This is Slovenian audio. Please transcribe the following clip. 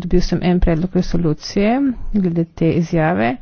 dobil sem en predlog resolucije glede te izjave.